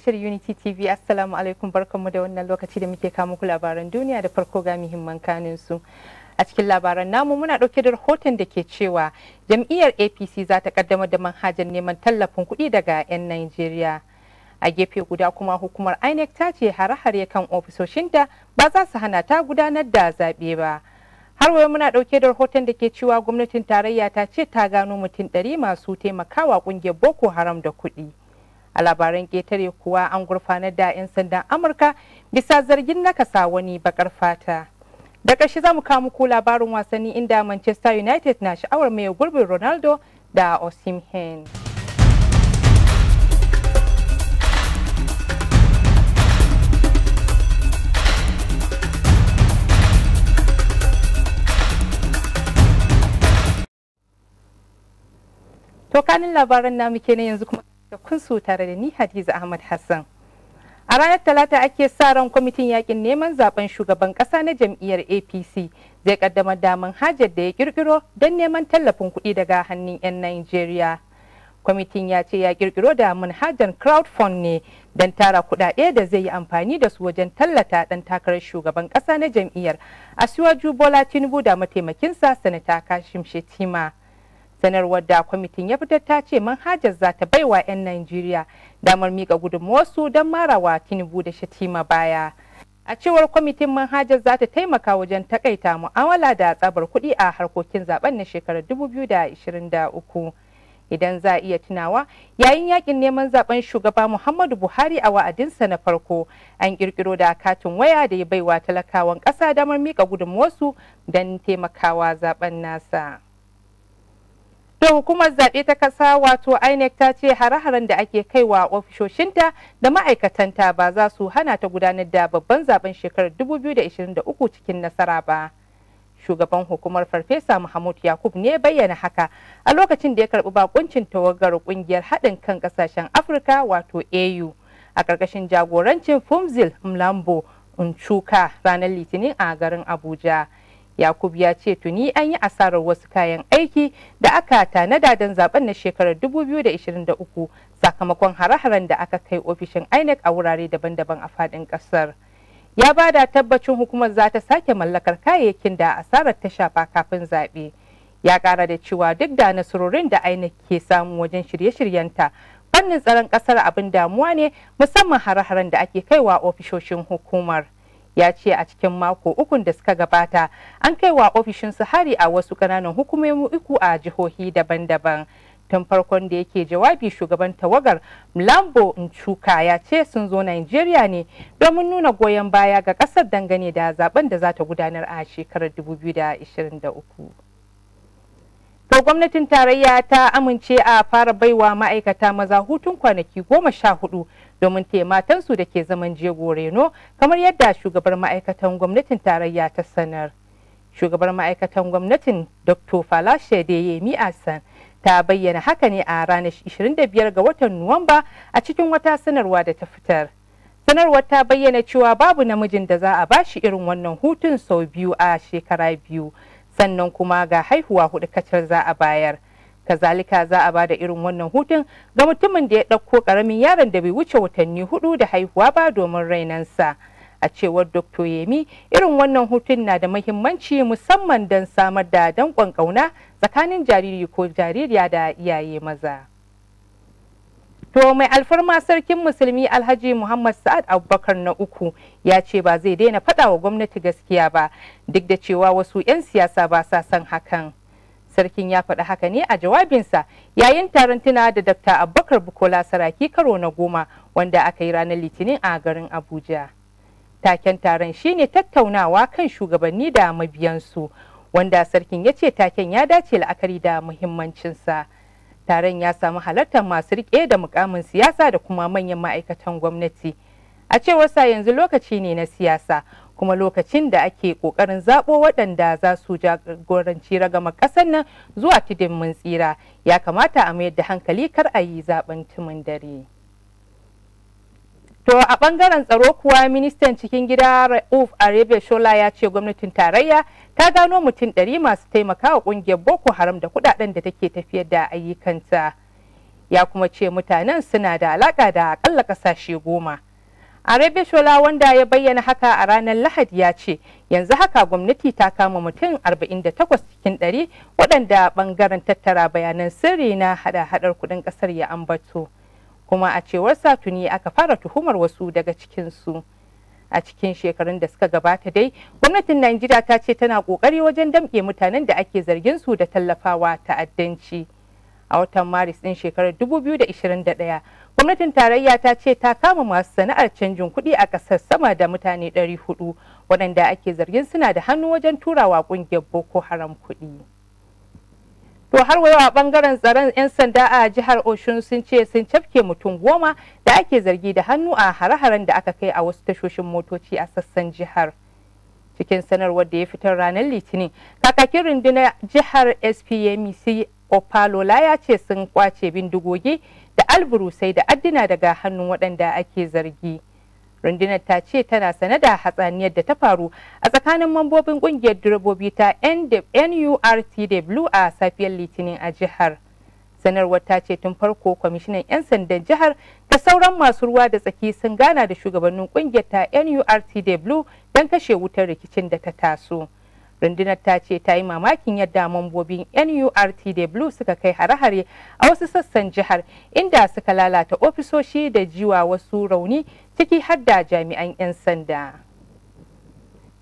tashar Unity TV Assalamu alaikum barkanmu da wannan lokaci da muke kama ku labaran duniya da farko ga muhimman kanin su. A cikin labaran namu muna dauke da rahoton da ke cewa jam'iyyar APC za ta kaddamar da manhajar neman tallafin kuɗi daga 'yan Najeriya. A gefe guda kuma hukumar INEC ta ce hare-hare kan ofisoshinta ba za su hana ta gudanar da zaɓe ba. har wayo muna dauke da rahoton da ke cewa gwamnatin tarayya ta ce ta gano mutum ɗari masu taimakawa kungiyar boko haram da kuɗi a labaran ƙetare kuwa an gurfanar da 'yan sandan amurka bisa zargin nakasa wani bakar fata da ƙarshe za mu kawo muku labarin wasanni inda manchester united na sha'awar mai gurbin ronaldo da osimhen To kanin labaran muke kenan yanzu kuma da kunsu tare da ni Hadiza Ahmad Hassan. A ranar Talata ake sa ran kwamitin yakin neman zaben shugaban kasa na jam'iyyar APC zai kaddamar da hajar da ya kirkiro don neman tallafin kuɗi daga hannun 'yan Najeriya. Kwamitin ya ce ya kirkiro da manhajar crowdfund ne don tara kuɗaɗe da zai yi amfani da su wajen tallata ɗan takarar shugaban ƙasa na jam'iyyar siwaju Bola Tinubu da mataimakinsa Sanata Kashim Shetima. sanarwar da kwamitin ya fitar ta ce manhajar za ta baiwa 'yan najeriya damar mika gudunmuwarsu don marawa tinubu da shatima baya a cewar kwamitin manhajar za ta taimaka wajen takaita mu'amala da tsabar kuɗi a harkokin zaben na shekarar 2023 idan za iya tunawa yayin yakin neman zaben shugaba muhammadu buhari a wa'adinsa na farko an kirkiro da katin waya da ya baiwa talakawan ƙasa damar mika gudunmuwarsu don taimakawa zaben nasa. To hukumar zaɓe ta ƙasa wato INEC ta ce hare-haren da ake kaiwa ofishoshinta da ma'aikatanta ba za su hana ta gudanar da babban zaben shekarar 2023 cikin nasara ba. Shugaban hukumar Farfesa Muhammad Yakub ne bayyana haka a lokacin da ya karɓi bakuncin tawagar ƙungiyar haɗin kan ƙasashen Afirka wato AU a ƙarƙashin jagorancin Fumzil Mlambo unchuka ranar Litinin a garin Abuja. yakub ya ce tuni an yi asarar wasu kayan aiki da aka da dan zaben na shekarar 2023 sakamakon hare-haren da aka kai ofishin inec a wurare daban-daban a faɗin ƙasar ya ba da tabbacin hukumar za ta sake mallakar kayayyakin da asarar ta shafa kafin zaɓe ya ƙara da cewa duk da nasarorin da inec ke samu wajen shirye-shiryenta fannin tsaron ƙasar abin damuwa ne musamman hare-haren da ake kaiwa ofishoshin hukumar. ya ce a cikin mako ukun da suka gabata an kai wa ofishinsu hari a wasu ƙananan hukumomi uku a jihohi daban-daban. tun farkon da yake jawabi shugaban tawagar mlambo nchuka ya ce sun zo nigeria ne domin nuna goyon baya ga kasar dangane da zaben da za ta gudanar a shekarar 2023 to gwamnatin tarayya ta amince a fara baiwa ma'aikata maza hutun kwanaki goma sha hudu domin taimatansu matansu da ke zaman jego reno kamar yadda shugabar ma'aikatan gwamnatin tarayya ta sanar shugabar ma'aikatan gwamnatin dr falashe da yemi asan ta bayyana haka ne a ranar 25 ga watan nuwamba a cikin wata sanarwa da ta fitar sanarwar ta bayyana cewa babu namijin da za a bashi irin wannan hutun sau biyu a shekara biyu sannan kuma ga haihuwa hudu kacal za a bayar kazalika za a ba da irin wannan hutun ga mutumin da ya ɗauko ƙaramin yaron da bai wuce watanni hudu da haihuwa ba domin rainansa a cewar dr yemi irin wannan hutun na da mahimmanci musamman don samar da danƙon ƙauna tsakanin jariri ko jaririya da iyaye maza To mai alfarma sarkin musulmi Alhaji Muhammad Sa'ad Abubakar na uku ya ce ba zai daina faɗa wa gwamnati gaskiya ba duk da cewa wasu 'yan siyasa ba sa son hakan. sarkin ya faɗi haka ne a jawabinsa yayin taron tuna da dr abubakar bukola saraki karo na goma wanda aka yi ranar litinin a garin abuja taken taron shine tattaunawa kan shugabanni da mabiyansu wanda sarkin ya ce taken ya dace la'akari da muhimmancinsa taron ya samu halartar masu riƙe da mukamin siyasa da kuma manyan ma'aikatan gwamnati a cewar sa yanzu lokaci ne na siyasa kuma lokacin da ake kokarin zaɓo waɗanda za su jagoranci ragama ƙasar nan zuwa tudun mun tsira ya kamata a mayar da hankali kar a yi zaben tumin dare. To a bangaren tsaro kuwa ministan cikin gida Rauf Arebe Shola ya ce gwamnatin tarayya ta gano mutum ɗari masu taimakawa ƙungiyar Boko Haram da kuɗaɗen da take tafiyar da ayyukanta. Ya kuma ce mutanen suna da alaƙa da aƙalla ƙasashe goma. Arabia Shola wanda ya bayyana haka a ranar Lahadi ya ce yanzu haka gwamnati ta kama mutum 48 cikin 100 waɗanda ɓangaren tattara bayanan sirri na hada-hadar kudin ƙasar ya ambato. Kuma a cewar satuni aka fara tuhumar wasu daga cikinsu. A cikin shekarun da suka gabata dai, gwamnatin Najeriya ta ce tana ƙoƙari wajen damƙe mutanen da ake zargin su da tallafawa ta'addanci. A watan Maris ɗin shekarar 2021 Gwamnatin tarayya ta ce ta kama masu sana'ar canjin kuɗi a ƙasar sama da mutane 400 waɗanda ake zargin suna da hannu wajen turawa ƙungiyar Boko Haram kuɗi. To har wayo a bangaren tsaron 'yan sanda a jihar Oshun sun ce sun cafke mutum goma da ake zargi da hannu a hare-haren da aka kai a wasu tashoshin motoci a sassan jihar. Cikin sanarwar da ya fitar ranar Litinin, kakakin rundunar jihar SPMC Opalola ya ce sun kwace bindigogi da alburusai da addina daga hannun waɗanda ake zargi. rundunar ta ce tana sane da hatsaniyar da ta faru a tsakanin mambobin ƙungiyar direbobi ta nurtw a safiyar litinin a jihar sanarwar ta ce tun farko kwamishinan 'yan sandan jihar ta sauran masu ruwa da tsaki sun gana da shugabannin kungiyar ta nurtw don kashe wutar rikicin da ta taso. rundunar ta ce ta yi mamakin yadda mambobin nurtw suka kai hare-hare a wasu sassan jihar inda suka lalata ofisoshi da jiwa wasu rauni ciki har da jami'an 'yan sanda.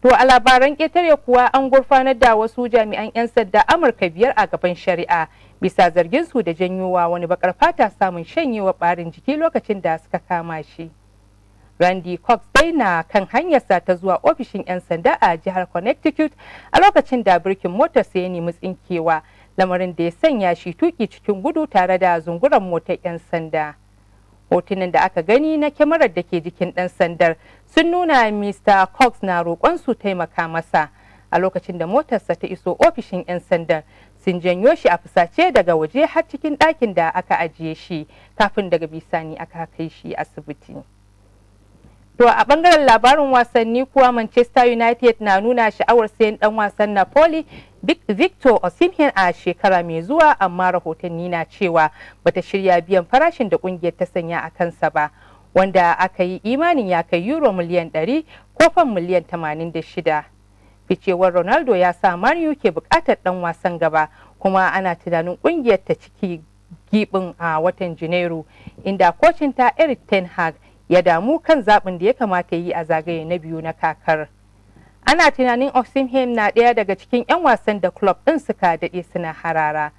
To a labaran ƙetare kuwa an gurfanar da wasu jami'an 'yan sanda Amurka biyar a gaban shari'a bisa zargin su da janyowa wani bakar fata samun shanyewa ɓarin jiki lokacin da suka kama shi. randy cox dai na kan hanyarsa ta zuwa ofishin 'yan sanda a jihar connecticut a lokacin da birkin motar motarsa ya nemi tsinkewa lamarin da ya sanya shi tuki cikin gudu tare da zunguran motar 'yan sanda hotunan da aka gani na kyamarar da ke jikin ɗan sandar sun nuna mr cox na roƙon su taimaka masa a lokacin da motarsa ta iso ofishin 'yan sandar sun janyo shi a fusace daga waje har cikin ɗakin da aka ajiye shi kafin daga bisani aka kai shi asibiti. To a bangaren labarin wasanni kuwa Manchester United na nuna sha'awar sayan dan wasan Napoli Victor Osimhen a shekara mai zuwa amma rahotanni na cewa bata shirya biyan farashin da kungiyar ta sanya a kansa ba wanda aka yi imanin ya kai euro miliyan 100 ko fan miliyan 86. Ficewar Ronaldo ya sa Man ke bukatar dan wasan gaba kuma ana tunanin kungiyar ta ciki gibin a watan Janairu inda kocinta Eric Ten Hag ya damu kan zaɓin da ya kamata yi a zagaye na biyu na kakar. Ana tunanin Osimhen na ɗaya daga cikin 'yan wasan da club ɗin suka daɗe suna harara.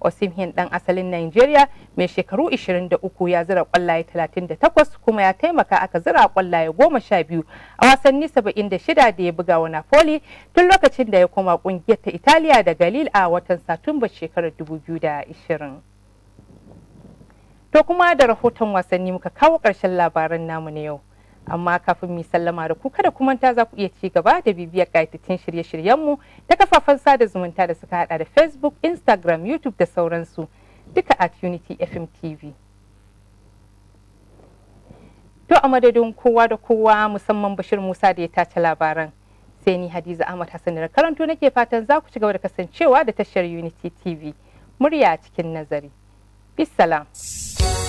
Osimhen ɗan asalin Nigeria mai shekaru 23 ya zira ƙwallaye 38 kuma ya taimaka aka zira ƙwallaye 12 a wasanni 76 da ya buga wa Napoli tun lokacin da ya koma ƙungiyar ta Italiya da Galil a watan Satumba shekarar 2020. To kuma da rahoton wasanni muka kawo ƙarshen labaran namu na yau. Amma kafin mu sallama da ku kada kumanta ta za ku iya ci gaba da bibiyar ƙayatattun shirye-shiryenmu ta kafafen sada zumunta da suka haɗa da Facebook, Instagram, YouTube da sauransu duka at Unity FM TV. To a madadin kowa da kowa musamman Bashir Musa da ya tace labaran. Sai ni Hadiza Ahmad Hassan da karanto nake fatan za ku ci gaba da kasancewa da tashar Unity TV. Murya cikin nazari. Bisalam.